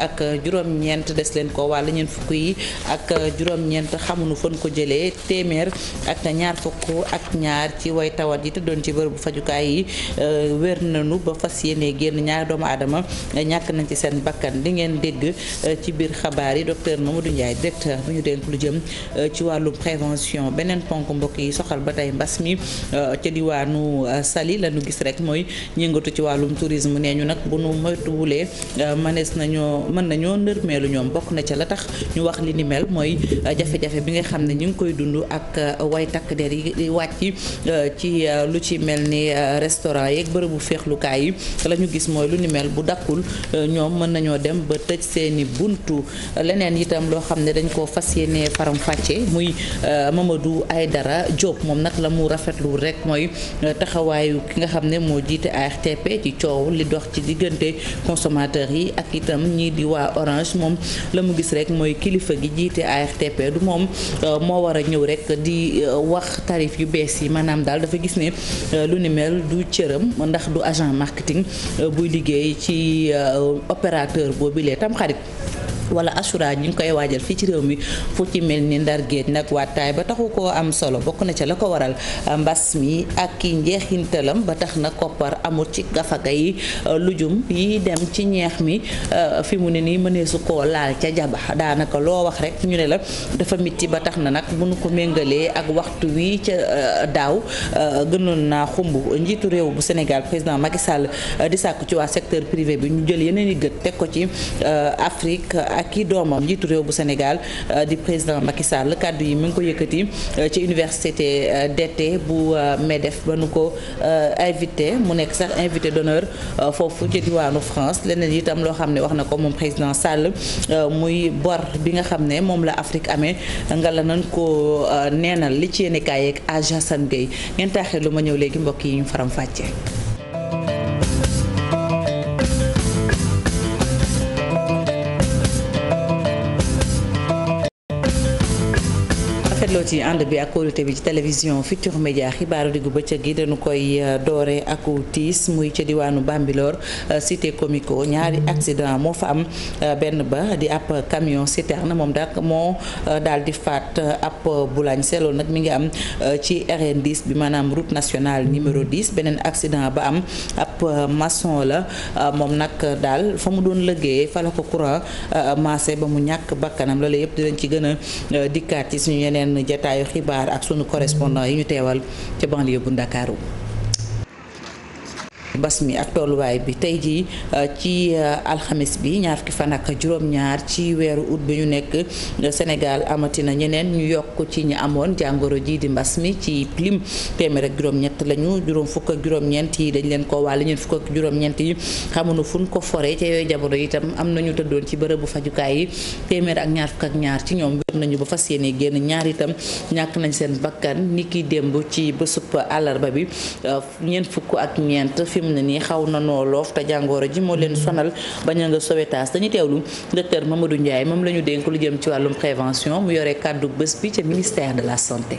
ak juróom des leen ko wàll ñeent fukk yi ak juróom-ñeent xamuñu fan ko jëlee téeméer ak ñaar fukk ak ñaar ci way tawat yi doon ci bërëbu fajukaay yi euh, wér nañu ba fas yéene génn ñaar doomu aadama ñàkk nañ ci seen bàkkan di ngeen dégg euh, ci biir xabaar yi docteur Mamadou Ndiaye directeur bu ñu dénk lu jëm euh, ci wàllu prévention beneen ponk mbokk yi soxal ba tey mbas mi ci diwaanu sali la ñu gis rek mooy ñëngatu ci wàllum tourisme nee ñu nag bu nu moytuwulee mënees nañoo ñoo mën nañoo nërmeelu ñoom bokk na ca la tax ñu wax li ni mel mooy euh, jafe-jafe bi nga xam ne ñu ngi koy dund ak euh, way takk der yi di wàcc euh, ci lu ci mel ni restaurant yeeg bërëbu feexlukaay yi la ñu gis mooy lu ni mel bu dakkul ñoom mën nañoo dem ba tëj seeni buntu leneen itam loo xam ne dañ ko fas yéene faram fàcce muy du ay dara Diop moom nag la mu rafetlu rek mooy taxawaayu ki nga xam ne moo jiite ARTP ci coow li dox ci diggante consommateur yi ak di waa Orange moom la mu gis rek mooy kilifa gi jiite ARTP du moom euh, moo war a ñëw rek di euh, wax tarif yu bees yi maanaam daal dafa gis ne euh, lu ni mel du cëram ndax du agent marketing buy liggéey ci opérateur boobu lee tam xarit wala assurance ñu ngi koy waajal fii ci réew mi fu ci mel ni ndar nag waataay ba taxu koo am solo bokk na ca la ko waral mbas mi ak ki njeexintalam ba tax na koppar amul ci gafaga yi euh, lujum yi dem ci ñeex mi euh, fi mu ne nii mëneesu koo laal ca jaba daanaka loo wax rek ñu ne la dafa mitti ba tax na nag bu nu ko méngalee ak waxtu wii ca euh, daaw gënoon naa xumb njiitu réew bu Sénégal président Macky Sall di sàkku ci waa secteur privé bi ñu jël yeneen i gë teg ko ci ak kii doomam njiitu réew bu Sénégal euh, di président Macky sàll kàddu yi mi ngi ko yëkkati euh, ci université euh, d'été bu MEDEF ba nu ko invité mu nekk sax invité d'honneur foofu ci diwaanu France leneen itam loo xam ne wax na ko moom président Sall muy bor bi nga xam ne moom la Afrique amee nga la nañ ko neenal li ci yéene kaay yeeg Aja San Gueye ngeen lu ma ñëw léegi mbokk yi ñu faram fàcce ñëw ci ànd bi ak kóolute bi ci télévision Futur Média xibaaru diggu bëccëg gi dañu koy euh, doore ak tiis muy ca diwaanu Bambilor euh, cité comico ñaari accident moo fa am euh, benn ba di ab camion citerne moom dak moo daal di faat ab bulañ seeloon nag mi ngi am ci RN bi maanaam route nationale numéro 10 beneen accident ba am ab mason la moom nag daal fa mu doon liggéey fa la ko courant maase ba mu ñàkk bakkanam loolu yëpp lañ ci gën a dikkaat ci suñu yeneen jataayu xibaar ak sunu correspondant yi ñu teewal ca banlieue bu mbas mi ak tolluwaay bi tey jii euh, ci euh, alxamis bi ñaar fukki fan ak juróom-ñaar ci weeru ut bi ñu nekk euh, Sénégal na ñeneen ñu yokk ci ñi amoon jàngoro jii di mbas mi ci lim téeméer ak juróom-ñett lañu juróom fukk ak juróom-ñeent yi dañ leen ko wàll fukk ak juróom-ñeent yi xamuñu fuñ ko fore ca yooyu jamono itam am nañu tëddoon ci bërëbu fajukaay yi téeméer ak ñaar fukk ak ñaar ci ñoom nañu ba fa yéene génn ñaar itam ñàkk nañ seen bakkan ni ki démb ci bésub àllarba bi euh, ñeent fukk ak ñeent fi mu ne nii xaw na noo loof te jàngooro ji moo leen sonal bañ a nga sowetaas dañuy teewlu docteur Mamadou Ndiaye moom la ñu dénk lu jëm ci wàllum prévention mu yore kàddu bés bi ca ministère de la santé.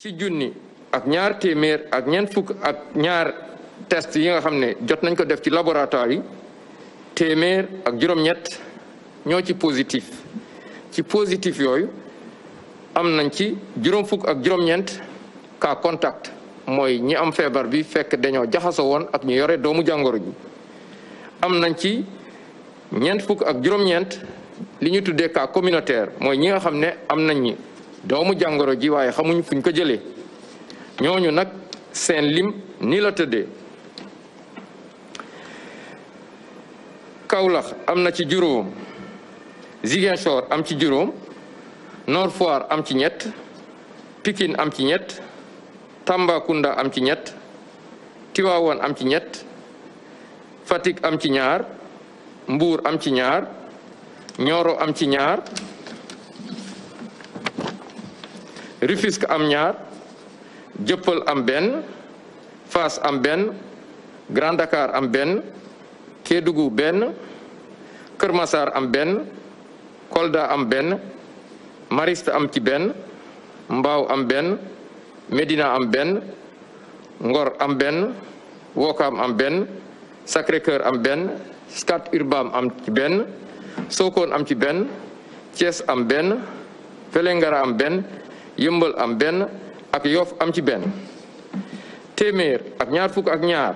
ci junni ak ñaar téeméer ak ñeent fukk ak ñaar test yi nga xam ne jot nañ ko def ci laboratoire yi téeméer ak juróom-ñett ñoo ci positif. ci positif yooyu am nañ ci juróom fukk ak juróom-ñeent cas contact mooy ñi am feebar bi fekk dañoo jaxasoo woon ak ñu yore doomu jàngoro ji am nañ ci ñeent fukk ak juróom-ñeent li ñu tuddee ka communautaire mooy ñi nga xam ne am nañ doomu jàngoro ji waaye xamuñ fuñ ko jëlee ñooñu nag seen lim nii la tëddee kawlax am na ci juróom Ziguinchor am ci juróom Nord am ci ñett pikin am ci ñett Tambacounda am ci ñett Tivaouane am ci ñett Fatick am ci ñaar mbuur am ci ñaar Nioro am ci ñaar Rufisque am ñaar Jëppal am benn Fass am benn Grand Dakar am benn Kédougou benn Kër Massar am benn Kolda am benn Mariste am ci benn Mbao am benn Médina am benn Ngor am benn Wokam am benn sacré am benn Scat Urbam am ci benn Sokone am ci benn Thiès am benn Vélingara am benn Yëmbal am benn ak Yoff am ci benn téeméer ak ñaar fukk ak ñaar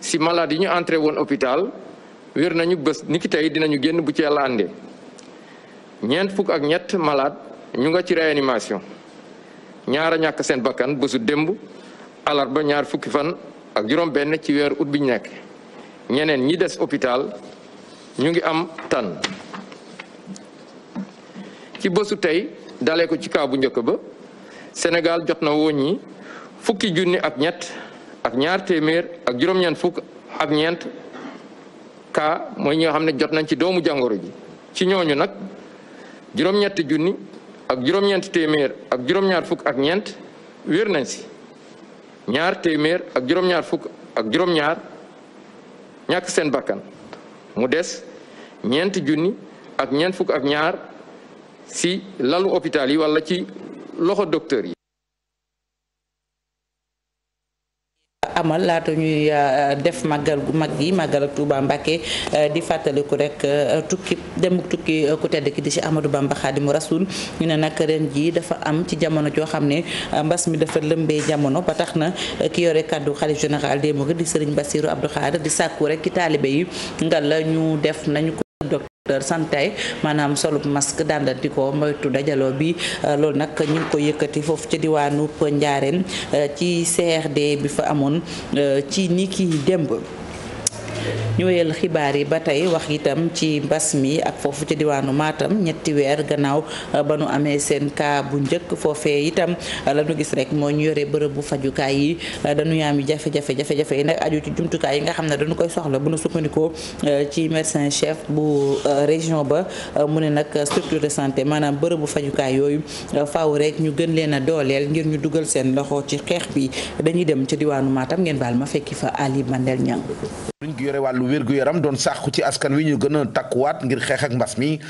si malade yi ñu entré woon hôpital wér nañu bés ni ki tey dinañu génn bu ci yàlla ñeent fukk ak ñett malade ñu nga ci réanimation ñaara ñàkk seen bakkan bésu démb alarba ñaar fukki fan ak juróom-benn ci weer ut bi ñu nekk ñeneen ñi des hôpital ñu ngi am tan ci bësu tey dalee ko ci kaa bu njëkk ba Sénégal jot na woon ñi fukki junni ak ñett ak ñaar téeméer ak juróom-ñeent fukk ak ñeent kaa mooy ñi nga xam ne jot nañ ci doomu jàngoro ji ci ñooñu nag. juróom-ñetti junni ak juróom-ñeenti téeméer ak juróom-ñaar fukk ak ñeent wéer nañ si ñaar téeméer ak juróom-ñaar fukk ak juróom-ñaar ñàkk seen bakkan mu des ñeent junni ak ñeent fukk ak ñaar si lalu hôpital yi walla ci loxo docteur yi amal laata ñuy euh, euh, def màggal gu mag yi màggal ak Touba Mbacké euh, di fàttaliku rek tukki dem tukki ku tedd ki di ci Amadou Bamba Khadimu Rasul ñu ne nag ren jii dafa am ci jamono joo xam ne mbas mi dafa lëmbee jamono ba tax na ki yore kaddu xalif général des mourides di Serigne Bassirou Abdou Khadre di sàkku rek ki taalibe yi ngal la def nañu docteur Santay maanaam solub masque dàndanti ko moytu dajaloo bi euh, loolu nag ñu ngi ko yëkkati foofu ca diwaanu Njaareem euh, ci CRD bi fa amoon euh, ci ni ki démb ñu wéyal xibaar yi ba tey wax itam ci mbas mi ak foofu ci diwaanu maatam ñetti weer gannaaw euh, ba nu amee seen kaa bu njëkk foofee itam euh, la ñu gis rek moo ñu yore bërëb bu fajukaay yi euh, dañu yaam yi jafe-jafe jafe yi nag aju ci jumtukaay yi nga xam ne dañu koy soxla bu nu sukkandikoo ci médecin chef bu région ba mu ne nag structure de santé maanaam bërëb bu fajukaay yooyu faw rek ñu gën leen a dooleel ngir ñu dugal seen loxo ci xeex bi dañuy dem ci diwaanu Matam ngeen baal ma fekki fa Ali Mandel yore wàllu wér yaram doon sàkku ci askan wi ñu gën a takkuwaat ngir xeex ak mbas mi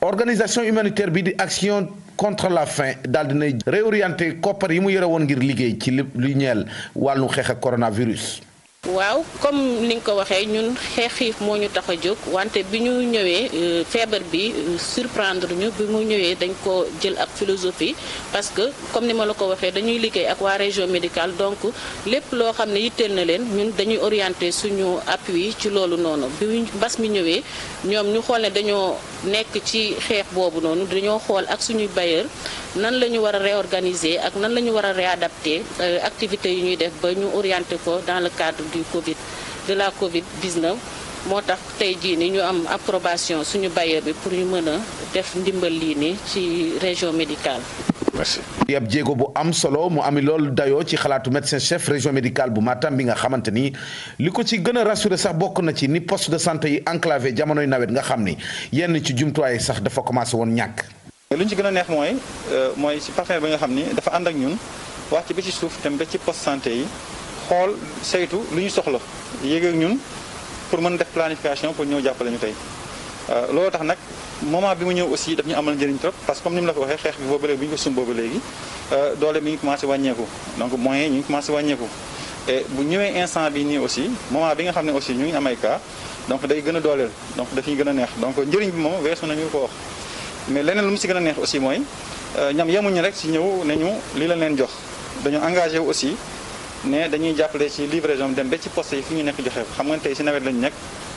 organisation humanitaire bi di action contre la faim daal dinay réorienté koppar yi mu yore woon ngir liggéey ci li ñeel wàllu xeex ak coronavirus waaw comme ni nga ko waxee ñun xeex xiif moo ñu tax a jóg wante bi ñu ñëwee euh, feebar bi euh, surprendre ñu bi mu ñëwee dañ ko jël ak philosophie parce que comme ni ma la ko waxee dañuy liggéey ak waa région médical donc lépp loo xam ne yitteel na leen ñun dañuy orienté suñu appui ci loolu noonu bi mbas mi ñëwee ñoom ñu xool ne dañoo nekk ci xeex boobu noonu dañoo xool ak suñuy bailleur nan la ñu war a réorganiser ak nan la ñu war a réadapter euh, activités yu ñuy def ba ñu orienté ko dans le cadre du Covid de la Covid 19. moo tax tey jii ni ñu am approbation suñu bailleur bi pour ñu mën a def ndimbal lii nii ci région médicale. merci. jéego bu am solo mu ami lool dayoo ci xalaatu médecin chef région médicale bu Matam bi nga xamante ni li ko ci gën a rassuré sax bokk na ci ni poste de santé yi enclavé jamonoy nawet nga xam ni yenn ci jumtuwaay sax dafa commencé woon ñàkk. lu ñu ci gën a neex mooy euh, mooy ci partenaire bi nga xam ni dafa ànd ak ñun wax wàcc bi ci suuf dem ba ci poste santé yi xool saytu lu ñu soxla yéeg ak ñun pour mën def planification pour ñëw jàppale ñu tey euh, loolu tax nag moment bi mu ñëw aussi daf ñu amal njëriñ trop parce que comme ni mu la ko waxee xeex bi boobu léegi bi ñu ko sum boobu léegi euh, doole mi ngi commencé wàññeeku donc moyens yi commencé wàññeeku et bu instant bi nii aussi moment bi nga xam ne aussi ñu ngi am ay cas donc day gën a dooleel donc daf ñuy gën a neex donc njëriñ bi moom weesu nañu ko wax mais leneen lu mu si gën a neex aussi mooy euh, ñoom yemuñu rek si ñëw ne ñu lii la leen jox dañu engagé aussi ne dañuy jàppale ci livraison dem ba ci post yi fi ñu nekk joxe xam nga tey si nawet lañu nekk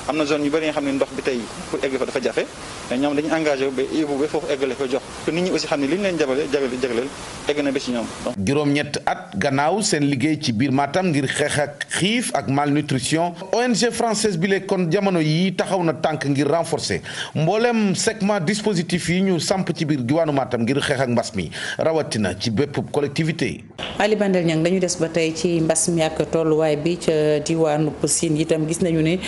am na zone yu bëri nga xam ne ndox bi tey pour egg fa dafa jafe mais ñoom dañu engagé wu ba yóbbu ba foofu eggale ko jox te nit ñi aussi xam ne li ñu jabale jagleel egg na ba si ñoom. juróom-ñett at gannaaw seen liggéey ci biir Matam ngir xeex ak xiif ak malnutrition ONG française bi lee kon jamono yi taxaw na tànk ngir renforcer mboolem segment dispositif yi ñu samp ci biir diwaanu Matam ngir xeex ak mbas mi rawatina ci bépp collectivité. Ali Bandel Niang dañu des ba tey ci mbas mi tolluwaay bi ca diwaanu Sine itam nañu ne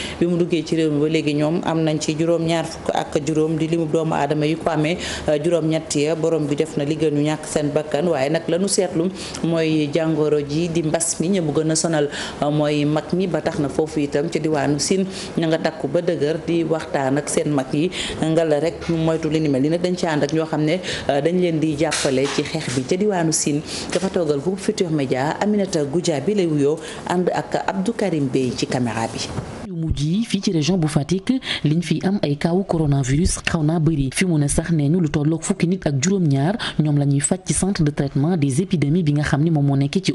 ci réew mi ba léegi ñoom am nañ ci juróom ñaar fukk ak juróom di limu doomu aadama yu ko amee euh, juróom ñett ya borom bi def na li gën ñu ñàkk seen bakkan waaye nag lanu seetlu mooy jàngoro ji di mbas mi ñëpp gën a sonal euh, mooy mag mi ba tax na foofu itam ci diwaanu siin ña nga takku ba dëgër di waxtaan ak seen mag yi nga rek ñu moytu li ni mel li nag dañ ci ànd ak ñoo xam ne euh, dañ leen di jàppale ci xeex bi ci diwaanu siin dafa toogal groupe Futurs Médias Aminata Goudia bi lay wuyoo ànd ak Abdou Karim Bey ci caméra bi yu mujj yi fii ci région bu Fatick liñ fi am ay kaawu coronavirus xaw naa bëri fi mu ne sax nee ñu lu tolloog fukki nit ak juróom-ñaar ñoom bi nga xam ne moom moo nekkee ci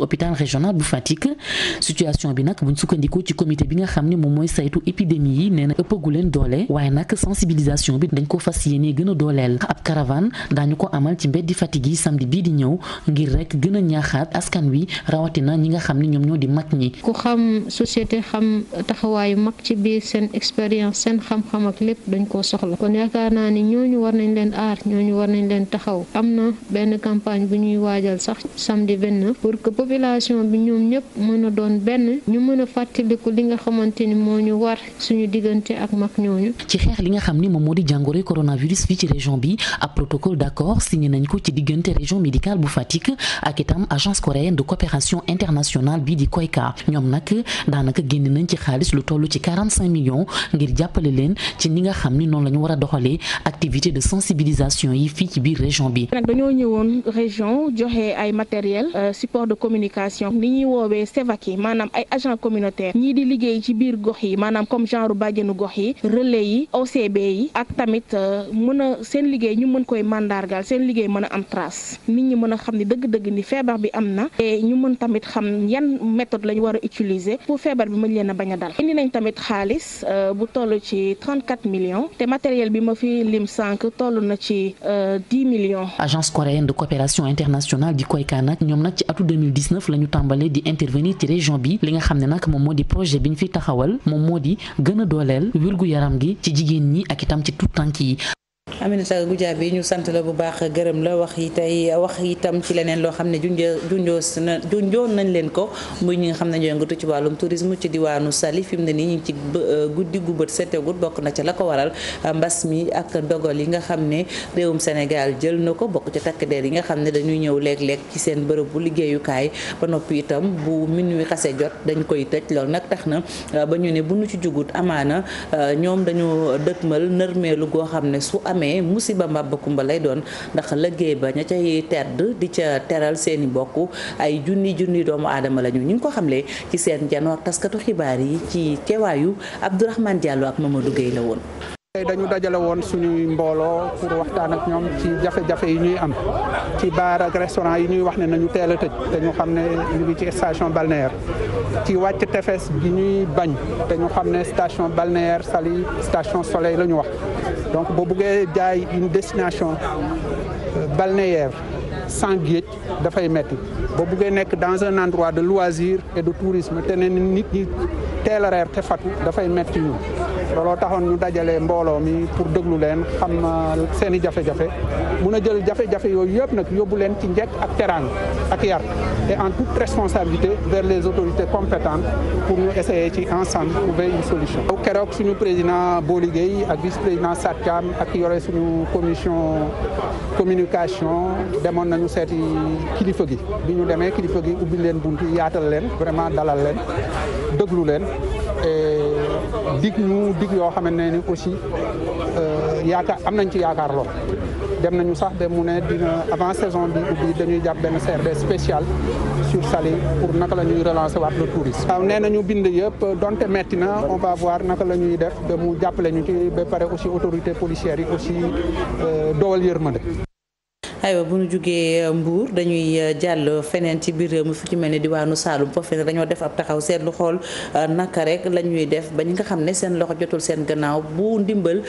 ne moom mooy saytu leen doole waaye nag sensibilisation bi dañ ko fas gën a dooleel ab caravane daañu ko amal ci mbeddi Fatick yi samedi bii di ñëw ngir rek gën a ñaaxaat askan wi rawatina ñi nga xam ne ñoom ñoo di mag ñi ku xam société xam taxawaayu mag ci biir seen expérience seen xam-xam ak lépp dañ koo soxla kon yaakaar naa ni ñooñu war nañ leen aar ñooñu war nañ leen taxaw am na benn campagne bu ñuy waajal sax samedi benn pour que population bi ñoom ñëpp mën a doon benn ñu mën a fàttaliku li nga xamante ni moo ñu war suñu diggante ak mag ñooñu. ci xeex li nga xam ni moom moo di jàngoro coronavirus fii ci région bi ab protocole d'accord signé nañ ko ci diggante région médicale bu Fatick ak itam agence coréenne de coopération internationale bi di COICA ñoom nag daanaka génn nañ ci xaalis ci 45 millions ngir jàppale leen ci ni nga xam ni noonu la ñu war a doxalee activité de sensibilisation yi fii ci biir région bi. nag dañoo ñëwoon région joxe ay matériel euh, support de communication ni ñuy woowee SEVAC yi maanaam ay agent communautaire ñii di liggéey ci biir gox yi maanaam comme genre bàjjenu gox yi relais yi OCB yi ak tamit euh, mën a seen liggéey ñu mën koy mandargal seen liggéey mën a am trace nit ñi mën a xam ni dëgg-dëgg ni feebar bi am na te ñu tamit xam yan méthode la ñu war a tamit xaalis euh, bu toll ci 34 million te matériel bi ma fi lim cinq toll na ci 10 euh, millions. agence coréenne de coopération internationale di COICA nag ñoom nag ci atu 2019 la ñu tàmbalee di intervenir ci région bi li nga xam ne nag moom moo di projet bi ñu fi taxawal moom moo di gën a dooleel wérgu yaram gi ci jigéen ñi ak itam ci tout tànk yi. Aminata Goudiaby ñu sant la bu ne junjoo junjoos na junjoon nañ leen ko muy ñi nga xam ne ñoo yëngatu ci wàllum tourisme ci diwaanu Saly fi mu euh, guddi gu seteegut bokk na ca la ko waral euh, mbas mi ak dogal yi nga xam ne réewum Sénégal jël na ko bokk ci takk der yi nga xam ne dañuy ñëw léeg-léeg ci seen bërëb bu liggéeyukaay ba noppi itam bu minuit xase jot dañ koy tëj loolu nag tax na euh, ba ñu ne bu ñu ci jugut amaana ñoom dañu dëkkmal nërmeelu goo xam ne su amee ne musiba mbàbb kumba lay doon ndax lëggéey ba ña cay tedd di ca teral seen i mbokk ay junni junni doomu aadama lañu ñu ngi ko xamle ci seen janoo taskatu xibaar yi ci teewaayu Abdourahmane Diallo ak ma Gueye la woon. tey dañu dajale woon suñuy mbooloo pour waxtaan ak ñoom ci jafe-jafe yi ñuy am ci baar restaurant yi ñuy wax ne nañu teel a tëj te ñu xam ne ñu ngi ci station balnéaire ci wàcc tefes bi ñuy bañ te ñu xam ne station balnéaire sali station soleil la ñu wax donc boo buggee jaay une destination euh, balnéaire sans géej dafay metti boo buggee nekk dans un endroit de loisir et de tourisme te ne nit ñi teel a reer te fatu dafay metti ñu looloo taxoon ñu dajale mbooloo mi pour déglu leen xam euh, seen i jafe-jafe mun a jël jafe-jafe yooyu yëpp nag yóbbu leen ci njëkk ak teraanga ak yar et en toute responsabilité vers les autorités compétentes pour ñu essayer ci ensemble trouver une solution. keroog suñu président boo Gueye ak vice président Sathiam ak yore suñu commission communication demoon nañu seeti kilifa gi bi ñu demee kilifa gi ubbi leen buntu yaatal leen vraiment dalal leen déglu leen. dig ñu dig yoo xamante ne ni aussi euh, yaakaar am nañ ci yaakaar lool dem nañu sax ba mu ne dina avant saison bi ubbi dañuy jàpp benn CRD spécial sur Saly pour naka la ñuy relancer waat le tourisme. waaw nee nañu bind yëpp donte metti na on va voir naka la ñuy def ba mu jàppale ñu ci ba pare aussi autorité policière yi aussi euh, doowal yërmande. aywa bu ñu jugee euh, Mbour dañuy euh, jàll feneen ci biir réew mi fu ci mel ne diwaanu Saalum foofu ne dañoo def ab taxaw seetlu xool euh, naka rek la ñuy def ba ñi nga xam ne seen loxo jotul seen gannaaw bu ndimbal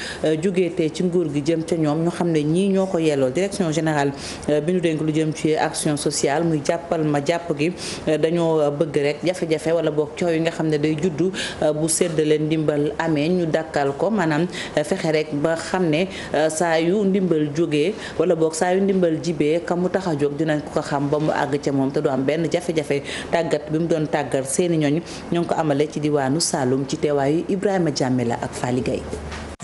jugee ci nguur gi jëm ca ñoom ñu xam ne ñii ñoo ko yelloo direction générale bi ñu dénk lu jëm ci action sociale muy jàppal ma jàpp gi dañoo bëgg rek jafe wala boog coow yi nga xam ne day juddu bu séddale ndimbal amee ñu dàkkal ko maanaam fexe rek ba xam ne saa yu ndimbal jógee wala boog saa yu ndimbal ndimbal jibee ka mu tax a dinañ ko xam ba mu àgg ca moom te am benn jafe tàggat bi mu doon tàggat seeni ñooñ ñoo ngi ko amale ci diwaanu Saloum ci teewaayu Ibrahima Diamela ak Fally Gueye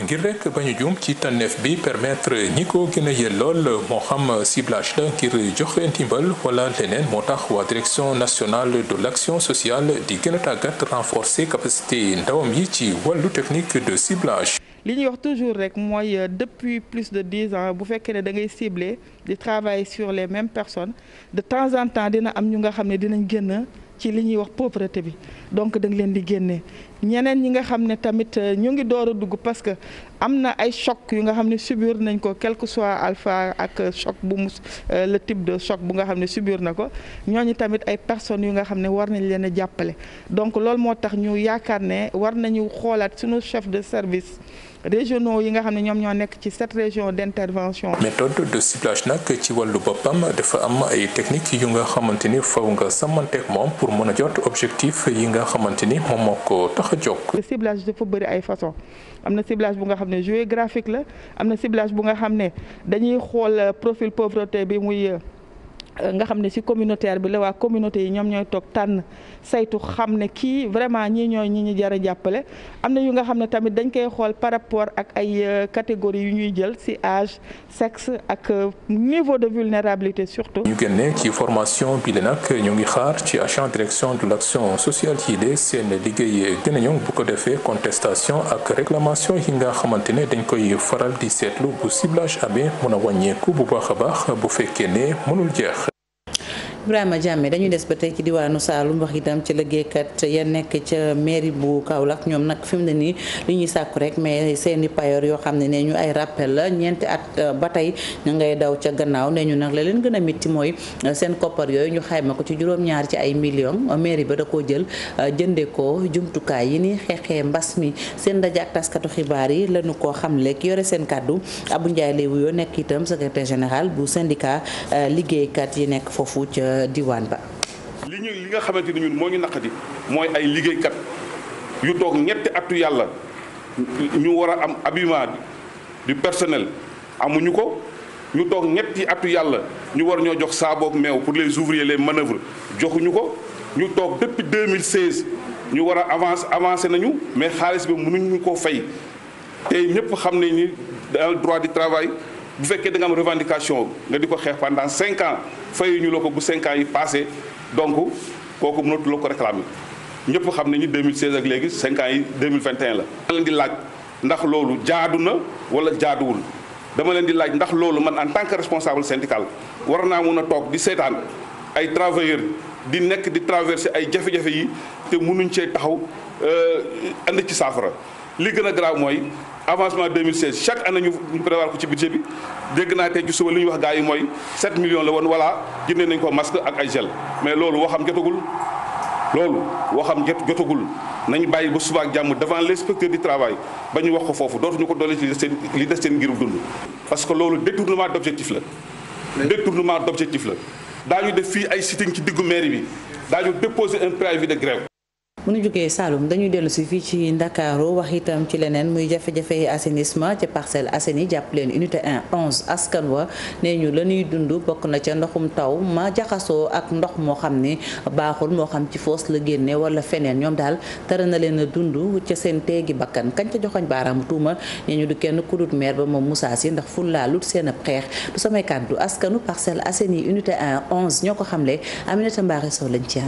ngir rek bañu juum ci tànneef bi permettre ñi ko gën a yellool moo xam ciblage la ngir joxe ndimbal wala leneen moo tax waa direction nationale de l'action sociale di gën a tàggat renforcer capacité ndawam yi ci wàllu technique de ciblage li ñuy wax toujours rek mooy euh, depuis plus de dix ans bu fekkee ne dangay ngay cibler di travailler sur les mêmes personnes de temps en temps dina am ñu nga xam ne dinañ génn ci li ñuy wax pauvreté bi donc da leen di génnee ñeneen ñi nga xam ne tamit euh, ñu ngi door a dugg parce que am na ay choc yu nga xam ne subir nañ ko quelque que soit alpha ak choc bu mu euh, le type de choc bu nga xam ne subir na ko ñooñu tamit ay personnes yu nga xam ne war nañ leen a jàppale donc loolu moo tax ñu yaakaar ne war nañu xoolaat suñu chef de service régionaux yi nga xam ne ñoom ñoo nekk ci sept régions d'intervention. méthode de ciblage nag ci wàllu boppam dafa am ay techniques yu nga xamante ni faw nga sàmmanteeg moom pour mën a jot objectif yi nga xamante ni moom moo ko tax a jóg. le ciblage dafa bëri ay façon am na ciblage bu nga xam ne géographique la am na ciblage bu nga xam ne dañuy xool profil pauvreté bi muy. nga xam ne ci communautaire bi la waa communauté yi ñoom ñooy toog tànn saytu xam ne kii vraiment ñii ñooy ñi ñu jar a jàppale am na yu nga xam ne tamit dañ koy xool par rapport ak ay euh, catégories yu ñuy jël ci âge sexe ak euh, niveau de vulnérabilité surtout. ñu génne ci formation bi la nag ñu ngi xaar ci agent direction de l'action sociale yi de seen liggéey gën a bu ko defee contestation ak réclamation yi nga xamante ne dañ koy faral di seetlu bu ciblage bu baax a baax bu fekkee Ibrahima Diame dañuy des ba tey ci diwaanu Saloum wax itam ci liggéeykat ya nekk ca mairie bu Kaolack ñoom nag fi mu ne nii li ñuy sàkku rek mais seen i payoor yoo xam ne ne ñu ay la ñeenti at euh, ba tey ngay daw ca gannaaw ne ñu nag la leen gën a mitti mooy euh, seen koppar yooyu ñu xayma ko ci juróom-ñaar ci ay millions mairie ba da koo jël euh, jëndee ko jumtukaay yi ni xeexee mbas mi seen ndaje ak taskatu xibaar yi lañu koo xam lekk yore seen kàddu Abou Ndiaye lay wuyoo nekk itam secrétaire général bu syndicat liggéeykat yi nekk foofu ca diwaan ba. li ñu li nga xamante ni ñun moo ñu naqadi mooy ay liggéeykat yu toog ñetti atu yàlla ñu war a am habillement du personnel amuñu ko ñu toog ñetti atu yàlla ñu war ñoo jox saaboog meew pour les ouvriers les manœuvres joxuñu ko ñu toog depuis 2016 ñu war a avance avancé nañu mais xaalis bi ñu ko fay te ñëpp xam ne ni dans le droit du travail. bu fekkee da am revendication nga di ko xeex pendant cinq ans fayuñu la ko bu cinq ans yi passé donc kooku mënatu la ko réclamer ñëpp xam nañu 2016 ak léegi cinq ans yi 2021 la. dama leen di laaj ndax loolu jaadu na wala jaaduwul dama leen di laaj ndax loolu man en tant que responsable syndical war naa mën a toog di seetaan ay travailleurs di nekk di traverser ay jafe-jafe yi te mënuñ cee taxaw ànd euh, ci saafara li gën a garaaw mooy. avancement 2016 chaque année ñu ñu prévoir ko ci budget bi dégg naa tey ci suba li ñuy wax gars yi mooy 7 millions la woon voilà jëndee nañ ko masque ak ay gel mais loolu waxam jotagul nañu bàyyi ba suba ak jàmm devant l'inspecteur du travail ba ñu wax ko foofu dootuñu ko doole ci li seen li des seen ngirub parce que loolu détournement d'objectif la détournement d'objectif la ñu def fii ay sitting ci diggu mairie bi daañu déposer un préavis de grève bu ñu jógee Saloum dañuy dellu si fii ci Ndakaaru wax itam ci leneen muy jafe-jafe yi assainissement ci Parcelles jàpp leen unité 1 11 askan wa nee ñu la ñuy dund bokk na ca ndoxum taw ma jaxasoo ak ndox moo xam ne baaxul moo xam ci foos la génne wala feneen ñoom daal tara na leen a dund ca seen tegi bakkan kañ ca joxoñ baaraamu tuuma nee ñu du kenn kudut maire ba moom Moussa Sy ndax fullaa lut seen ab xeex du samay kàddu askanu parcelle Assainies unité 1 11 ñoo ko xamle Aminata Mbaare Sow lañ ci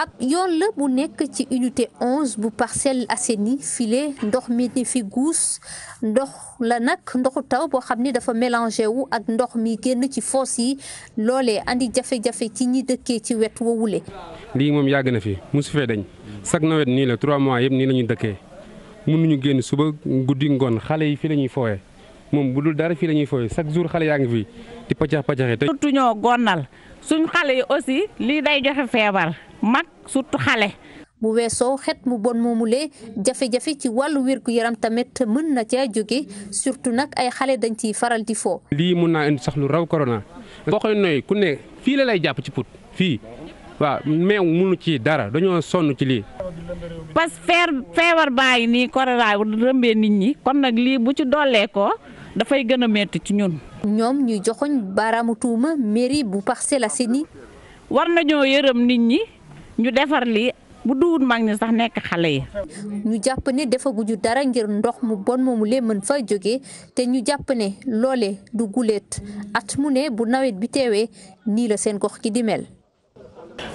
ab yoon la bu nekk ci unité 11 bu Parcelles Assainies file ndox mi di fi guus ndox la nag ndoxu taw boo xam ne dafa mélangé wu ak ndox mi génn ci foos yi loolee andi jafe-jafe ci ñi dëkkee ci wet woowule. lii moom yàgg na fi mosu fee dañ chaque nawet nii la trois mois yëpp nii la ñu dëkkee mënuñu génn suba guddi ngoon xale yi fii la ñuy fooyee moom bu dul dara fii la ñuy fooyee chaque jour xale yaa ngi fi di paccax paccaxee. surtout ñoo gonnal. suñ xale yi aussi lii day joxe feebar mag surtout xale. bu weesoo xet mu bon moomule jafe-jafe ci wàllu wérgu yaram tamit mën na caa jóge surtout nag ay xale dañ ciy faral di fo. lii mun naa indi sax lu raw corona. boo koy noyyi ku ne fii la lay jàpp ci put fii waaw meew munu ci dara dañoo sonn ci lii. parce que feer feebar baa ngi nii corona rëmbee nit ñi kon nag lii bu ci dollee ko dafay gën a métti ci ñun. ñoom ñuy joxoñ baaraamu tuuma mairie bu la si ni war nañoo yërëm nit ñi ñu defar lii bu duwut mag ñi sax nekk xale yi. ñu jàpp ne defaguñu dara ngir ndox mu bon moomu lee mën fa jóge te ñu jàpp ne loole du guléet at mu ne bu nawet bi teewee nii la seen gox ki di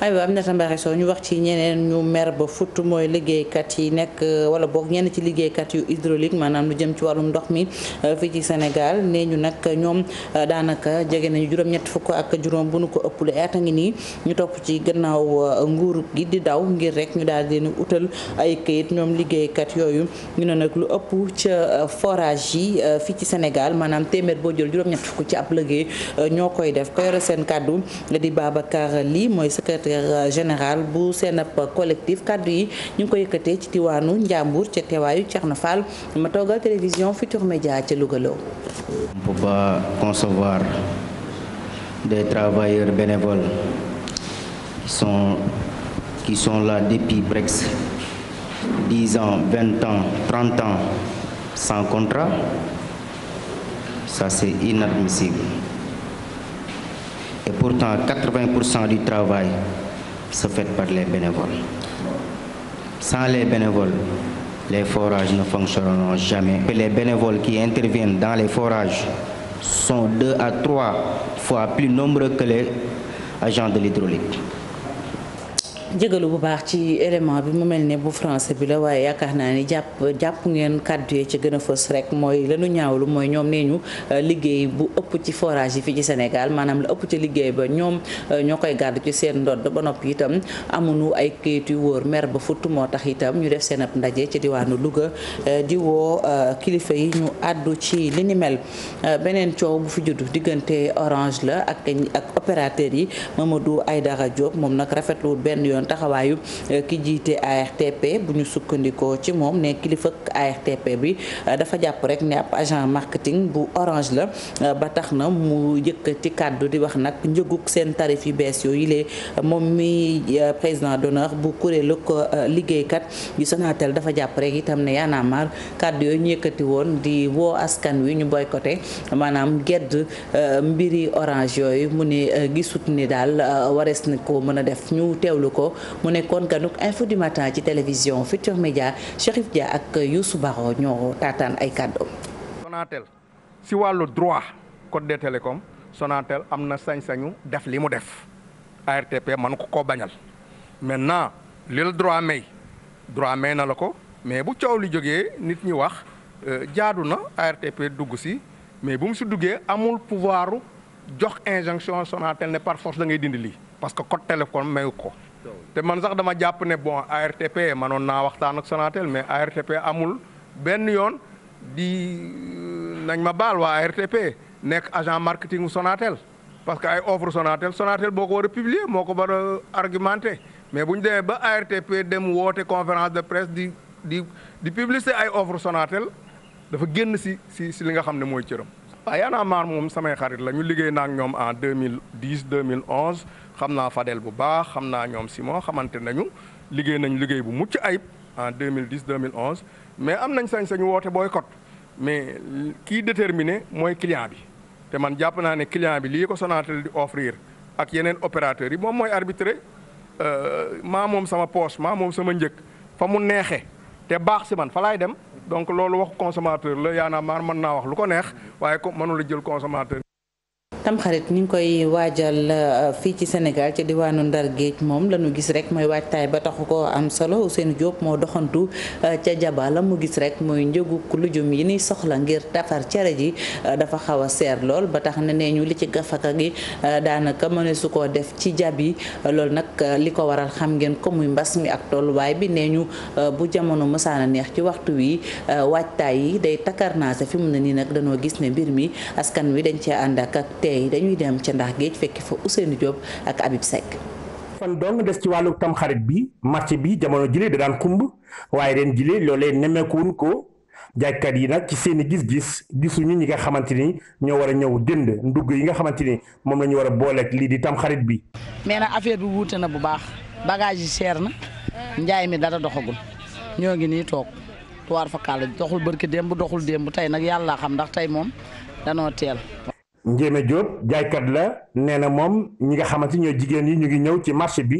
aywa Aminata Mbaye Sow ñu wax ci ñeneen ñu mer ba futt mooy liggéeykat yi nekk euh, wala boog ñenn ci liggéeykat yu hydraulique maanaam lu jëm ci wàllum ndox mi euh, fii ci Sénégal nee ñu nag ñoom euh, daanaka jege nañu juróom fukk ak juróom bu nu ko ëppale at a ngi nii ñu topp ci gannaaw nguur gi di daw ngir rek ñu daal di leen utal ay kayit ñoom liggéeykat yooyu ñu ne nag lu ëpp ca forage yi fii ci Sénégal maanaam téeméer boo jël juróom-ñett fukk ci ab liggéey ñoo koy def ko yore seen kàddu di Babacar lii mooy secrétaire secrétaire euh, général bu Sénap collectif kàddu yi ñu ngi ko yëkkatee ci diwaanu Njàmbur ca teewaayu Thierno Fall ma toogal télévision Futur Média ca Louga la. On peut pas concevoir des travailleurs bénévoles qui sont qui sont là depuis ans ans trente ans sans contrat ça c'est inadmissible. Et pourtant, 80% du travail se fait par les bénévoles. Sans les bénévoles, les forages ne fonctionneront jamais. Et les bénévoles qui interviennent dans les forages sont deux à trois fois plus nombreux que les agents de l'hydraulique. jëgalu bu baax ci élément bi mu mel ne bu français bi la waaye yaakaar naa ni jàpp jàpp ngeen kàddu yi ci gën a fës rek mooy lanu ñaawlu mooy ñoom nee ñu euh, liggéey bu ëpp ci forage yi fii ci Sénégal maanaam la ëpp ci liggéey ba ñoom euh, ñoo koy gàddu ci seen ndodd ba noppi itam amulu ay kayit yu wóor mer ba futt moo tax itam ñu def seen ab ndaje ci diwaanu Louga euh, diwoo woo kilifa yi ñu àddu ci li ni mel beneen coow bu fi juddu diggante orange la ak ak opérateur yi Mamadou Aydara Diop moom nag rafetlu benn yoon doon taxawaayu eh, ki jiite ARTP bu ñu sukkandikoo ci moom ne kilifa ARTP bi eh, dafa jàpp rek ne ab agent marketing bu orange la eh, ba tax na mu yëkkati kàddu di wax nag njëgug seen tarif yu bees yooyu lee moom mi président d'honneur bu kuréelu ko liggéeykat yu Sonatel dafa jàpp rek itam ne Y'en a kàddu yooyu ñu yëkkati woon di woo askan wi ñu boycotté maanaam gedd mbiri orange yooyu mu ne gisut ni daal warees na ko mën a def ñu teewlu ko Bako mu nekkoon ganuk info du matin ci télévision Futur Média Chérif Dia ak Youssou Baro ñoo taataan ay kàddoom. Sonatel si wàllu droit code des télécoms Sonatel am na sañ-sañu def li mu def ARTP man ko koo bañal maintenant li la droit may droit may na la ko mais bu coow li jógee nit ñi wax euh, jaadu na ARTP dugg si mais bu mu si duggee amul pouvoir jox injonction Sonatel ne par force da ngay dindi lii parce que code téléphone mayu ko. te man sax dama jàpp ne bon ARTP manoon naa waxtaan ak Sonatel mais ARTP amul benn yoon di nañ ma baal waa ARTP nekk agent marketingu Sonatel parce que ay offre Sonatel Sonatel boo ko war a publier moo ko war a argumenté mais bu ñu demee ba ARTP dem woote conférence de presse di di di publicité ay offre Sonatel dafa génn si si si li nga xam ne mooy cëram. waaw Y'en a marre moom samay xarit la ñu liggéey na ñoom en deux mille dix deux mille onze xam naa Fadel bu baax xam naa ñoom Simon xamante nañu liggéey nañ liggéey bu mucc ayib en mille 2011 mais am nañ sañ-sañu woote booy kot mais kii déterminé mooy client bi te man jàpp naa ne client bi lii ko Sonatel di offrir ak yeneen opérateurs yi moom mooy arbitré euh, maa moom sama poche maa moom sama njëkk fa mu neexee te baax si man falaay dem donc loolu waxu consommateur la yaanaa maar mën naa wax lu ko neex waaye ko mënula jël consommateur tamxarit ñu koy waajal euh, fii ci Sénégal ci diwaanu Ndar Géej moom la gis rek mooy waajtaay ba taxu ko am solo seen Diop moo doxantu euh, ca jaba la mu gis rek mooy njëgu lujum yi ni soxla ngir defar cere ji euh, dafa xaw a seer lool ba tax na nee ñu li ci gafaka gi daanaka mëne su koo def ci jab yi loolu nag li ko waral xam ngeen ko muy mbas mi ak tolluwaay bi nee ñu bu jamono mësaana neex ci waxtu wi waajtaay yi day takkarnaase fi mu ne nii nag dañoo gis ne mbir mi askan wi dañ cee xale yi dañuy dem ca ndax géej fekki fa Ousseynou Diop ak Habib Seck. fan dong des ci wàllu tamxarit bi marché bi jamono jile da daan kumb waaye ren jile loolee nemmeekuwun ko jaaykat yi nag ci seen i gis-gis gisuñu ñi nga xamante ni ñoo war a ñëw jënd ndugg yi nga xamante ni moom la ñu war a booleek lii di tamxarit bi. mais nag affaire bi wuute na bu baax bagage yi seer na njaay mi dara doxagul ñoo ngi nii toog tuwaar fa kàlla doxul barki démb doxul démb tey nag yàlla xam ndax tey moom Ndiémé Diop jaaykat la nee na moom ñi nga xamante ñooy jigéen yi ñu ngi ñëw ci marché bi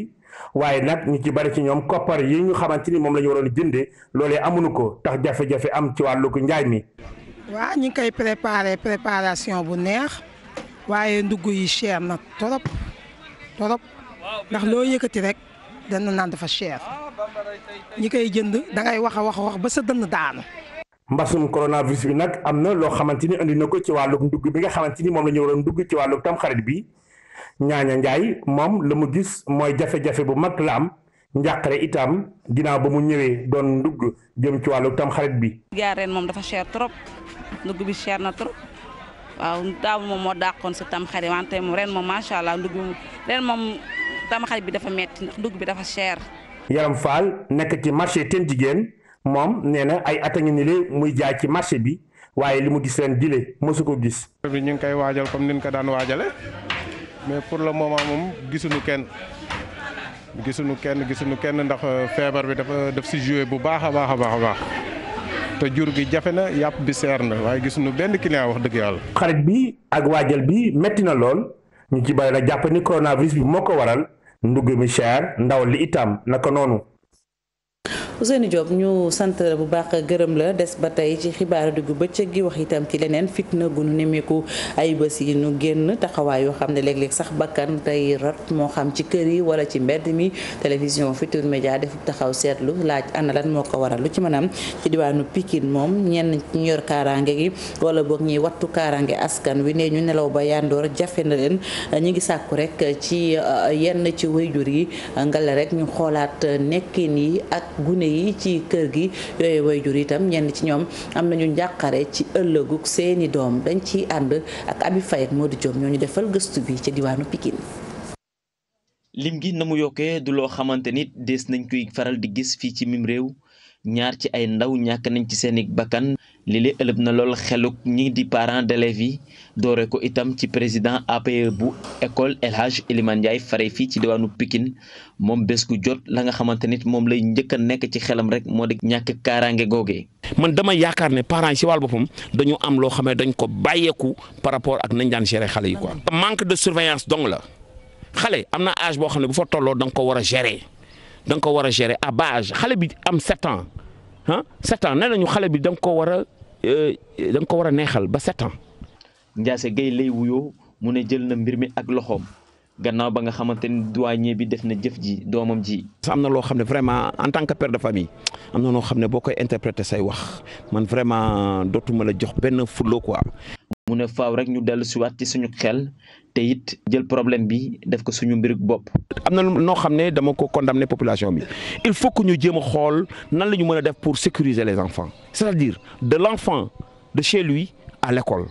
waaye nag ñu ci bari ci ñoom koppar yi ñu xamante ni moom lañu ñu waroon jëndee loolee amuñu ko tax jafe-jafe am ci wàllu njaay mi. waaw ñi ngi koy préparé préparation bu neex waaye ndugg yi cher na torop torop ndax loo yëkkati rek dana naan dafa cher ñi koy jënd dangay ngay wax wax wax ba sa dënn daanu. mbasum coronavirus bi nag am na loo xamante ni indi na ko ci wàllu ndugg bi nga xamante ni moom la ñu waroon ndugg ci wàllum tamxarit bi ñaaña njaay moom la mu gis mooy jafe-jafe bu mag la am njàqare itam ginnaaw ba mu ñëwee doon ndugg jëm ci wàllu tamxarit bi. gaar moom dafa cher trop ndugg bi cher na trop. waaw daaw moom moo dàqoon sa tamxarit wante moom ren moom macha allah ndugg ren moom tamxarit bi dafa metti ndax ndugg bi dafa cher. Yaram Fall nekk ci marché Tine Jigéen moom nee na ay at a ngi muy jaay ci marché bi waaye li mu gis leen jile mësu ko gis. bi ñu ngi koy waajal comme ni ñu ko daan waajale mais pour le moment moom gisuñu kenn gisuñu kenn gisuñu kenn ndax euh, feebar bi dafa daf si joué bu baax a baax a baax a baax te jur gi jafe na yàpp bi seer na waaye gisu gisuñu benn client wax dëgg yàlla. xarit bi ak waajal bi metti na lool ñu ci bari la jàpp ni coronavirus bi moo ko waral ndugg mi cher ndaw li itam naka noonu. Ousseynou Diop ñu sant bu baax gërëm la des ba tey ci xibaaru diggu ba gi wax tam ci leneen fitna gu nu nemmeeku ay bés yi nu génn taxawaay yoo xam ne léeg-léeg sax bakkan tey rat moo xam ci kër yi wala ci mbedd mi television Futurs Médias def taxaw seetlu laaj ana lan moo ko waral lu ci maanaam ci diwaanu Pikine moom ñenn ñi yor kaaraange gi wala boog ñiy wattu kaaraange askan wi ne ñu nelaw ba yandoor jafe na leen ñi ngi sàkku rek ci uh, yenn ci wayjur yi ci kër gi yooyu itam ñenn ci ñoom am nañu njàqare ci ëllëgu seeni doom dañ ciy ànd ak Abi Faye ak ñoo ñu defal gëstu bi ca diwaanu Pikine lim gi na mu yokkee du loo xamante nit des nañ koy faral di gis fii ci mim réew ñaar ci ay ndaw ñàkk nañ ci seeni bakkan lii li ëlëb na lool xeluk ñi di parents d'élèves yi doore ko itam ci président APE bu école El Hadj Elimane fare fii ci diwaanu pikin moom bés gu jot la nga xamante nit moom lay njëkk a nekk ci xelam rek moo di ñàkk kaaraange googee. man dama yaakaar ne parents yi si wàll boppam dañu am loo xam ne dañ ko bàyyeeku par rapport ak nañ daan gérer xale yi quoi. manque de surveillance dong la xale am na age boo xam ne bu fa tolloo da nga ko war a gérer. da nga ko war a gérer à base xale bi am sept ans ah sept ans nee nañu xale bi da nga ko war a euh, da nga ko war a neexal ba sept ans. Ndiasse Gueye lay wuyoo mu ne jël na mbir mi ak loxoom gannaaw ba nga xamante ni douanier bi def na jëf ji doomam ji. am na loo xam ne vraiment en tant que de famille am na noo xam ne boo koy interpréter say wax man vraiment dootuma la jox benn fullo quoi. mu ne faaw rek ñu dellu siwaat ci suñu xel te it jël problème bi def ko suñu mbiruk bopp. am na noo xam ne dama ko condamner population bi il faut que ñu jéem a xool nan la ñu mën a def pour sécuriser les enfants c'est-à-dire de l'enfant de chez lui à l'école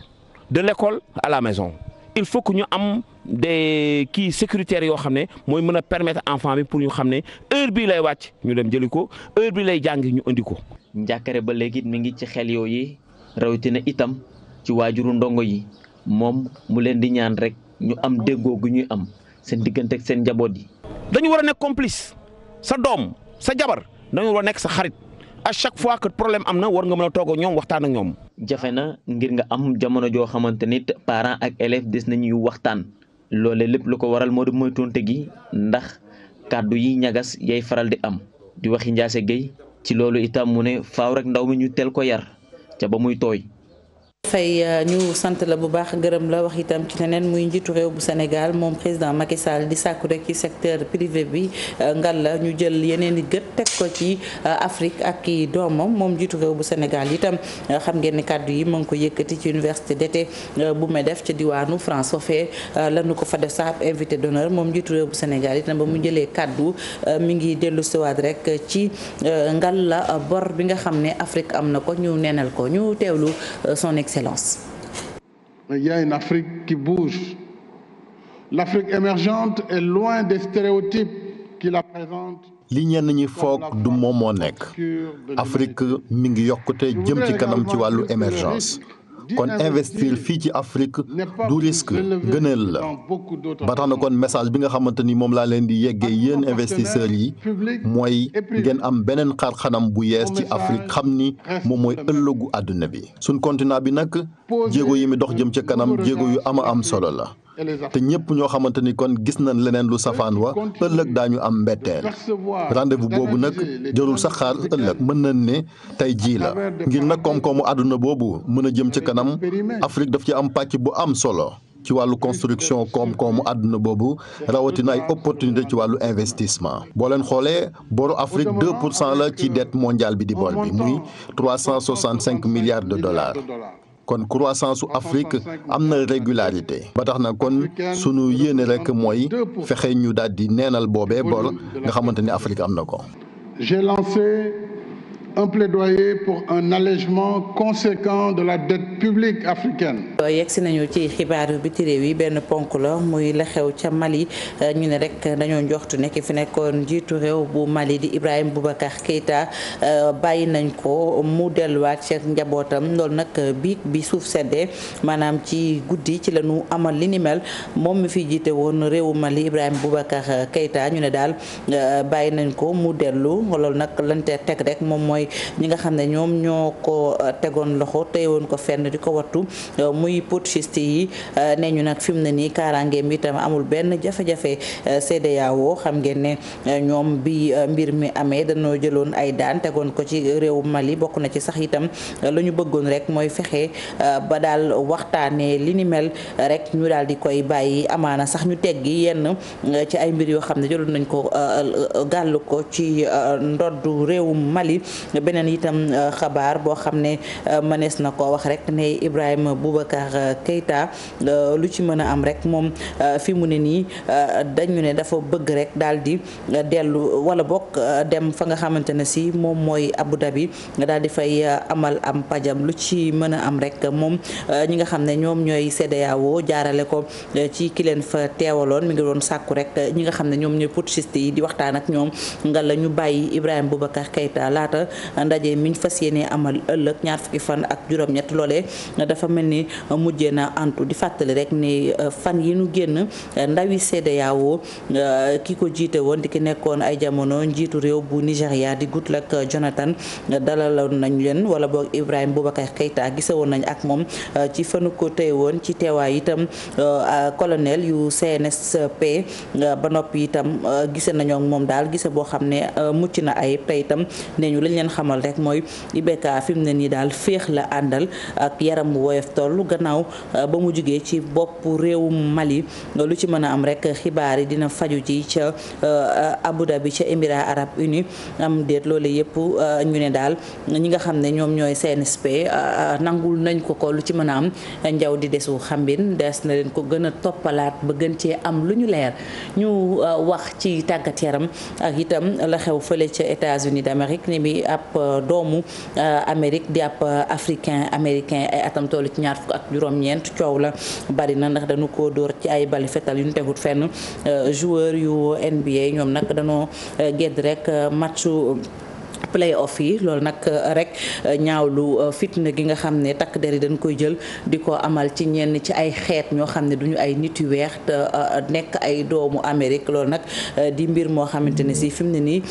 de l'école à la maison il faut que ñu am de kii sécuritaires yoo xam ne mooy mën a permettre enfant bi pour ñu xam ne heure bii lay wàcc ñu dem jëli ko heure bi lay jàng ñu indiko ko. njàkkare ba léegi mu ngi ci xel yooyu rawatina itam. ci waajuru ndongo yi moom mu leen di ñaan rek ñu am déggoo gu ñuy am seen diggante ak seen njaboot yi. dañu war a nekk complice sa doom sa jabar dañu war a nekk sa xarit à chaque fois que problème am na war nga mën a toog ñoom waxtaan ak ñoom. jafe na ngir nga am jamono joo xamante ni parents ak élèves des nañuy waxtaan loolee lépp lu ko waral moo di moytonte gi ndax kàddu yi ñagas yay faral di am di waxi Ndiassé Guèye ci loolu itam mu ne faaw rek ndaw mi ñu teel ko yar ca ba muy tooy. fay euh, ñu sant la bu baax gërëm la wax itam ci leneen muy njiitu réew bu Sénégal moom président Macky Sall di sàkku rek ci secteur privé bi euh, ngal la ñu jël yeneen i gët teg ko ci euh, Afrique ak i doomam moom njiitu réew bu Sénégal itam xam ngeen ni kàddu yi mu ngi ko yëkkati ci université d'été bu may def ci diwaanu France foofee lanu ko fa def sax ab invité d'honneur moom njiitu réew bu Sénégal itam ba mu jëlee kàddu mi ngi dellu siwaat rek ci ngal la bor bi nga xam ne Afrique am na ko ñu neenal ko ñu teewlu son d'excellence. Il y a une Afrique qui des stéréotypes qui la présentent. li ñenn ñi foog du moom moo nekk Afrique mi ngi yokkute jëm ci kanam ci wàllu émergence kon investir fii ci Afrique du risque gëneel la ba tax na kon message bi nga xamante ni moom laa leen di yeggee yéen investisseurs yi mooy ngeen am beneen xar xanam bu yees ci Afrique xam ni moom mooy ëllëgu àdduna bi. suñ continent bi nag jéego yi mi dox jëm ca kanam jéego yu am a am solo la. te ñëpp ñoo xamante ni kon gis nañ leneen lu safaan wa ëllëg daañu am mbetteel rendez-vous boobu nag jarul saxaar ëllëg mën nañ ne tey jii la ngir nag koom-koomu àdduna boobu mën a jëm ci kanam Afrique daf ci am pàcc bu am solo ci wàllu construction koom-koomu àdduna boobu rawatina ay opportunité ci wàllu investissement boo leen xoolee boru Afrique 2 pour cent la ci dette mondiale bi di euh, bor bi muy 365 milliards de dollars kon croissance su Afrique am na régularité ba tax na kon sunu yéene rek mooy fexe ñu daal di neenal boobee bor nga xamante ni Afrique am na ko. J'ai lancé un plaidoyer pour un allègement conséquent de la dette publique africaine. Euh, yegg si nañu ci xibaaru biti réew yi benn ponk la muy la xew ca Mali euh, ñu ne rek dañoo njoxtu nekk fi nekkoon njiitu réew bu Mali di Ibrahima Boubacar Keïta euh, bàyyi nañ ko mu delluwaat ci njabootam loolu nag biig bi suuf seddee maanaam ci guddi ci la ñu amal li mel moom mi fi jiite woon réewu Mali Ibrahima Boubacar Keïta ñu ne daal bàyyi nañ ko mu dellu loolu nag lante teg rek moom mooy ñi nga xam ne ñoom ñoo ko tegoon loxo téye woon ko fenn di ko wattu muy muy putschiste yi euh, nee ñu nag fi mu ne nii kaaraangeem bi tam amul benn jafe-jafe euh, CEDEAO xam ngeen ne euh, ñoom bi mbir mi amee dañoo jëloon ay daan tegoon ko ci réewum Mali bokk na ci sax itam la ñu bëggoon rek mooy fexe ba daal waxtaanee li ni mel rek ñu daal di koy bàyyi amaana sax ñu teggi yenn ci ay mbir yoo xam ne jëloon nañ ko gàll ko ci ndodd réewum Mali beneen itam xabaar boo xam ne mënees na ko wax rek ne Ibrahima Boubacar Makhtar euh, Keita euh, lu ci mën a am rek moom euh, fi mu ne nii dañu ne dafa bëgg rek daal di dellu wala bokk dem fa nga xamante ne si moom mooy Abu Dhabi daal di fay amal am pajam lu ci mën a am rek moom ñi nga xam ne ñoom ñooy CEDEAO jaarale ko ci ki leen fa teewaloon mu ngi doon sàkku rek ñi nga xam ne ñoom ñooy putschiste yi di waxtaan ak ñoom nga la ñu bàyyi Ibrahima Boubacar Keita laata ndaje miñ fas yéenee amal ëllëg ñaar fukki fan ak juróom-ñett loolee dafa mel mujjee na antu di fàttali rek ni euh, fan yi nu génn euh, ndawi CEDEAO euh, ki ko jiite woon di ki nekkoon ay jamono njiitu réew bu Nigéria di Goodluck Jonathan dalaloon nañ leen wala boog Ibrahima Boubacar gise woon nañu ak moom ci fanu ko tey woon ci teewaay itam colonel yu CNSP ba noppi itam gise nañoo moom daal gise boo xam ne mucc na ay tey itam ne ñu lañ leen xamal rek mooy IBK fi mu ne nii daal féex la àndal ak yaram woyof tollu gannaaw euh, ba mu jugee ci bopp réewum Mali lu ci mën a am rek xibaar yi dina faju ci ca euh, Abu Dhabi ca Émirats arabes uni am déet loolu yëpp euh, ñu ne daal ñi nga xam ne ñoom ñooy CNSP nangul nañ ko ko lu ci mën a am njaw di desu xambin des na leen ko gën a toppalaat ba gën cee am lu ñu leer ñu wax ci tàggat yaram ak itam la xew fële ca États-Unis d'Amérique ni bi ab doomu Amérique di ab africain américain ay atam tollu ci ñaar fukk ak ak juróom-ñeent coow la bari na ndax dañu ko dóor ci ay bali fetal yu ñu tegut fenn euh, joueur yu NBA ñoom nag dañoo euh, gedd rek euh, matchu playoff yi loolu nag euh, rek euh, ñaawlu euh, fitna gi nga xam ne takk der yi dañ koy jël di ko amal ci ñenn ci ay xeet ñoo xam ne duñu ay nit yu weex te nekk ay doomu Amérique loolu nag di mbir moo xamante ne si fi mu ne nii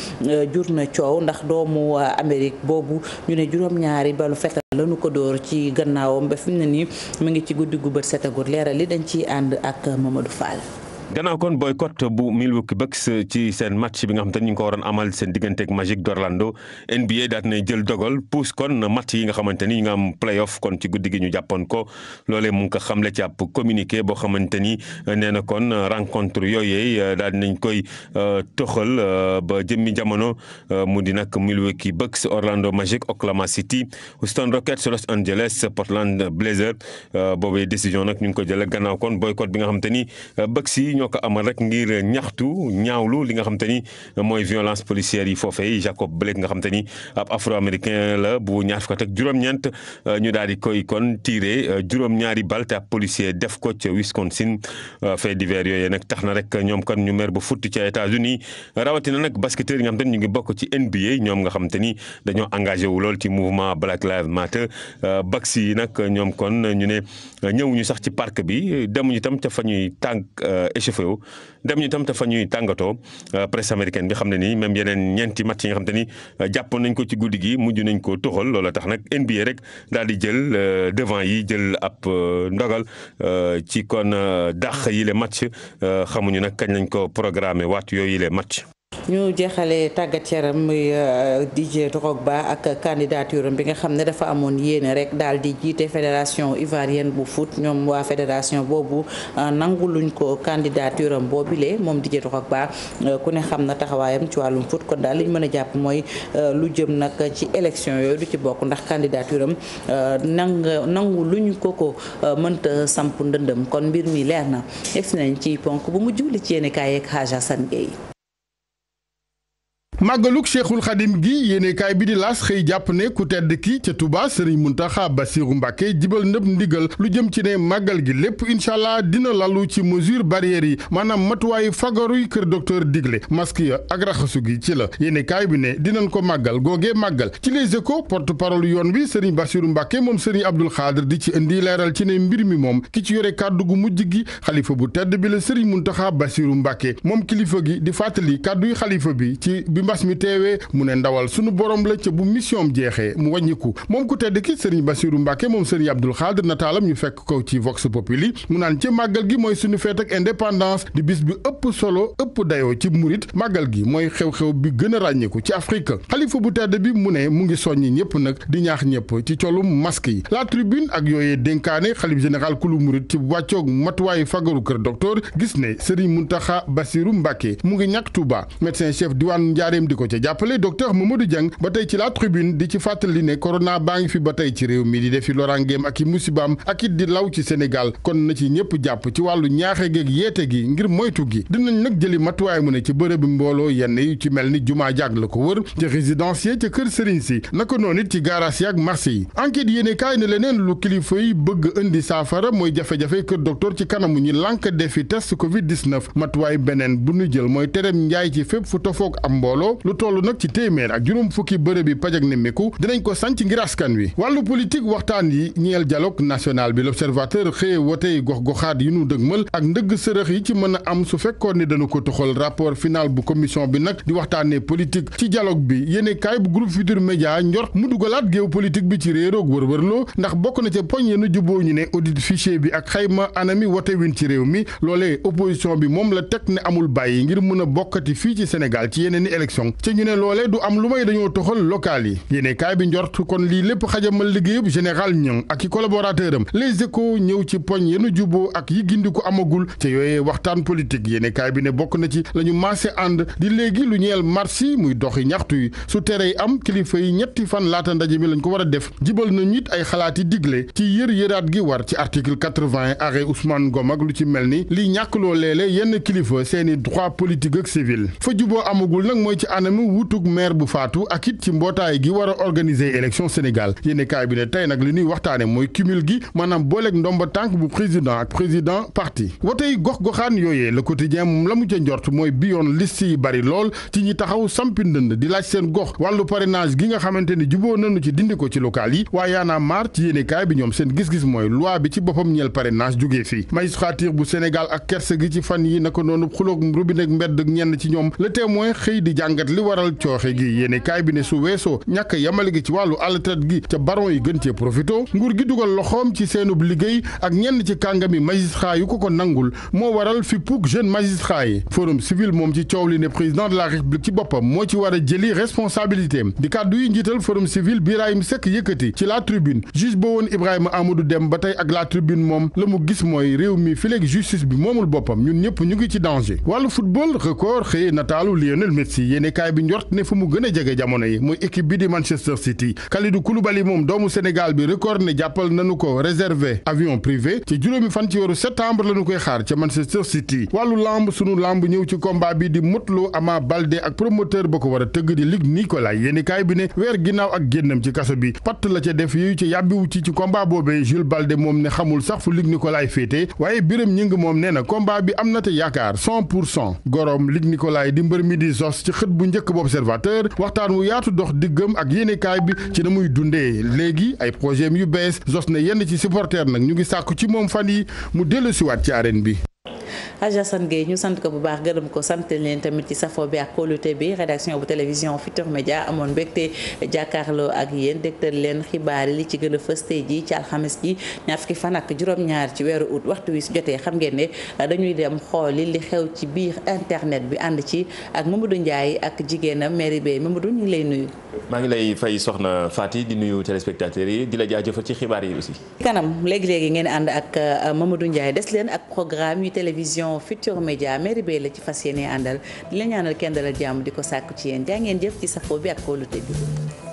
jur na coow ndax doomu Amérique boobu ñu ne juróom-ñaari balu fetal lañu ko dóor ci gannaawam ba fi mu ne nii mu ngi ci guddi gu bët setagul leeral li dañ ciy ànd ak Mamadou Fall. gannaaw kon boycott bu Milwaukee Bucks ci seen match bi nga xam te ñu ngi ko waroon amal seen digganteeg Magic d'Orlando NBA daal nay jël dogal pousse kon match yi nga xamante ni ñu nga am playoff kon ci guddi gi ñu jàppoon ko loolee mu ngi ko xamle ci ab communiqué boo xamante ni euh, nee na kon euh, rencontre yooyee euh, daal nañ koy toxal ba jëmmi jamono mu di nag Milwaukee Bucks Orlando Magic Oklahoma City Houston Rockets Los Angeles Portland Blazers boobee décision nag ñu ngi ko jëlee gannaaw kon boycott bi nga xamante ni ñoo rek ngir ñaxtu ñaawlu li nga xam te ni mooy violence policière yi foofee Jacob Blake nga xam te ni ab afro-américain la bu ñaar fukk ak juróom-ñeent euh, ñu daal di koy kon tiire euh, juróom-ñaari bal te policier def ko ca Wisconsin euh, fait divers yooyu nag tax na rek ñoom kon ñu mer ba futt ca États-Unis rawatina nag basketteurs nga xam te ñu ngi bokk ci NBA ñoom nga xam te ni dañoo engagé wu lool ci mouvement Black Lives Matter baks yi nag ñoom kon ñu ne ñëwuñu sax ci parc bi demuñu tam échauffé wu dem ñu tam te fa ñuy tàngatoo euh, presse américaine bi xam ne nii même yeneen ñeenti match yi nga xam te ni euh, jàppoon nañ ko ci guddi gi mujj nañ ko toxal loola tax nag NBA rek daal di jël euh, devant yi jël ab ndogal ci kon dàq yi les match xamuñu nag kañ nañ ko programme waat yooyu les match ñu jeexale tàggat yaram muy euh, DJ Drogba ak candidature bi nga xam ne dafa amoon yéene rek daal di jiite fédération ivoirienne bu foot ñoom waa fédération boobu euh, nanguluñ ko candidature am boobile moom DJ Drogba euh, ku ne xam na taxawaayam ci wàllum foot daal li mën a jàpp mooy lu jëm nag ci élection yooyu du ci bokk ndax candidature am nang nanguluñ ko ko mënta samp ndëndëm kon mbir mi leer na egsi nañ ci ponk bu mu li ci yéene kaay yeeg Haja màggaluk cheikhul xadim gi yéenekaay bi di laas xëy jàpp ne ku tedd ki ca Touba sëriñ Muntaxa Basiru Mbàkke jibal nëb ndigal lu jëm ci ne màggal gi lépp incha allah dina lalu ci mesure barrières yi maanaam matuwaayu fagaruy kër docteur digle mask ya ak raxasu gi ci la yéenekaay bi ne dinañ ko màggal googee màggal ci les échos porte yoon wi sëriñ Basiru Mbàkke moom sëriñ Abdul Xaadir di ci indi leeral ci ne mbir mi moom ki ci yore kàddu gu mujj gi xalifa bu tedd bi la sëriñ Muntaxa Basiru moom kilifa gi di fàttali kàdduy xalifa bi mbas mi teewee mu ne ndawal sunu borom la ca bu mission jeexee mu wàññiku moom ku tedd ki sëriñ Bassirou Mbacke moom sëriñ Abdul Xaadir nataalam ñu fekk ko ci Vox Populi mu naan ci màggal gi mooy suñu feet ak indépendance di bis bi ëpp solo ëpp dayoo ci murit màggal gi mooy xew-xew bi gën a ràññiku ci Afrique xalifa bu tedd bi mu ne mu ngi soññi ñëpp nag di ñaax ñëpp ci colum masque yi la tribune ak yooyee dénkaane xalif général kulu murit ci wàccoog matuwaayu fagaru kër docteur gis ne sëriñ Muntaxa Bassirou Mbacke mu ngi ñàkk njaareem di ko ca jàppale docteur Mamadou Dieng ba tey ci la tribune di ci fàttali ne corona baa ngi fi ba tey ci réew mi di defi lorangeem ak i musibaam ak it di law ci Sénégal kon na ci ñëpp jàpp ci wàllu ñaaxe geeg yeete gi ngir moytu gi dinañ nag jëli matuwaay mu ne ci bërëb mbooloo yenn yu ci mel ni jumaa jàgg la ko wër ci résidence ya ca kër sëriñ si naka noonu it ci gaaraas ak marché yi enquête yéene kaay ne leneen lu kilifa bëgg indi saafara mooy tolloo lu toll nag ci téeméer ak juróom fukki bërëb yi paj ak nemmeeku dinañ ko sanc ngir askan wi wàllu politique waxtaan yi ñeel dialogue national bi l'observateur xëye wotey gox-goxaat yi nu dëgmal ak ndëgg sërëx yi ci mën a am su fekkoon ni dañu ko toxal rapport final bu commission bi nag di waxtaanee politique ci dialogue bi yéene kaay bu groupe Futurs Médias njort mu dugalaat géew politique bi ci réeroog wërwërloo ndax bokk na ca poñ yeenu juboo ñu ne audit bi ak xayma anami wote win ci réew mi loolee opposition bi moom la teg ne amul bàyyi ngir mën a bokkati fii ci Sénégal ci yeneen élection ci ñu ne loolee du am lu may dañoo toxal local yi yéene kaay bi njort kon lii lépp xajamal liggéeyub général Niang ak i collaborateur am les échos ñëw ci poñ yenu juboo ak yi gindi ko amagul te yooyee waxtaan politique yéene kaay bi ne bokk na ci la ñu maase ànd di léegi lu ñeel marche yi muy doxi ñaxtu yi su tere yi am kilifa yi ñetti fan laata ndaje mi lañ ko war a def jibal na nit ay xalaat yi digle ci yër yëraat gi war ci article 80 arrêt Ousmane Ngom ak lu ci mel ni li ñàkk loo yenn kilifa seeni droit politique ak civil fa juboo amagul nag mooy ci anam wutug maire bu faatu ak it ci mbootaay gi war a organiser élection Sénégal yéene bi ne tey nag li ñuy waxtaane mooy cumul gi maanaam booleeg ndomba tànk bu président ak président parti wotey gox-goxaan yooyee le quotidien moom la mu ca njort mooy bi yoon liste yi bari lool ci ñi taxaw sampi ndënd di laaj seen gox wàllu parrainage gi nga xamante ni juboo nanu ci dindi ko ci local yi waaye yaanaa maar ci yéene kaay bi ñoom seen gis-gis mooy loi bi ci boppam ñeel parrainage jógee fii magistrature bu gi ci fan yi naka noonu xuloog rubinek mbedd ñenn ci jàngat li waral cooxe gi yéene kaay bi ne su weesoo ñàkk yamale gi ci wàllu altraite gi ca baron yi gën cee profito nguur gi dugal loxoom ci seenub liggéey ak ñenn ci kàngami magistrat yu ko ko nangul moo waral fi puuk jeune magistrat yi forum civil moom ci coow li ne président de la ci boppam moo ci war a jëli responsabilité am di kàddu yi njiital forum civil Birahim Seck yëkkati ci la tribune juge ba woon Ibrahima Amadou Dem ba tey ak la tribune moom la mu gis mooy réew mi fileeg justice bi moomul boppam ñun ñëpp ñu ngi ci danger yéenekaay bi njort ne fu mu gën a jege jamono yi muy équipe bi di Manchester City Kalidou Koulibaly moom doomu Sénégal bi record ne jàppal nañu ko réservé avion privé ci juróomi fan ci weeru septembre lañu koy xaar ca Manchester City wàllu lamb sunu lamb ñëw ci combat bi di Modou Lô Ama Baldé ak promoteur ba ko war a tëgg di Luc Nicolaï yéenekaay bi ne weer ginnaaw ak génnam ci kaso bi patt la ca def yooyu ci yàbbiwu ci ci combat boobee Jules Baldé moom ne xamul sax fu mi bu njëkk bu observateur waxtaan wu yaatu dox diggam ak yéenekaay bi ci na muy dundee léegi ay projet yu bees sos na yenn ci supporter nag ñu ngi sàkku ci moom fan yi mu dellusiwaat ci arène bi Hadj Assane Gueye ñu sant ko bu baax gërëm ko sant leen tamit ci safo bi ak kóolute bi rédaction bu télévision Futurs Médias amoon mbégte jàkkaarloo ak yéen dégtal leen xibaar yi li ci gën a fës ci alxames ji ñaar fukki fan ak juróom-ñaar ci weeru août waxtu wi su jotee xam ngeen ne dañuy dem xooli li xew ci biir internet bi ànd ci ak Mamadou Ndiaye ak jigéenam Mary Bey Mamadou ñu lay nuyu. maa ngi lay fay soxna Fati di nuyu téléspectateurs yi di la jaajëfal ci xibaar yi aussi. kanam léegi léegi ngeen ànd ak euh, Mamadou moo Futurs Médias Mairie Bey la ci fas yéene àndal di la ñaanal kenn dalal jàmm di ko sàkku ci yéen jaa ngeen jëf ci safoo bi ak kóolute bi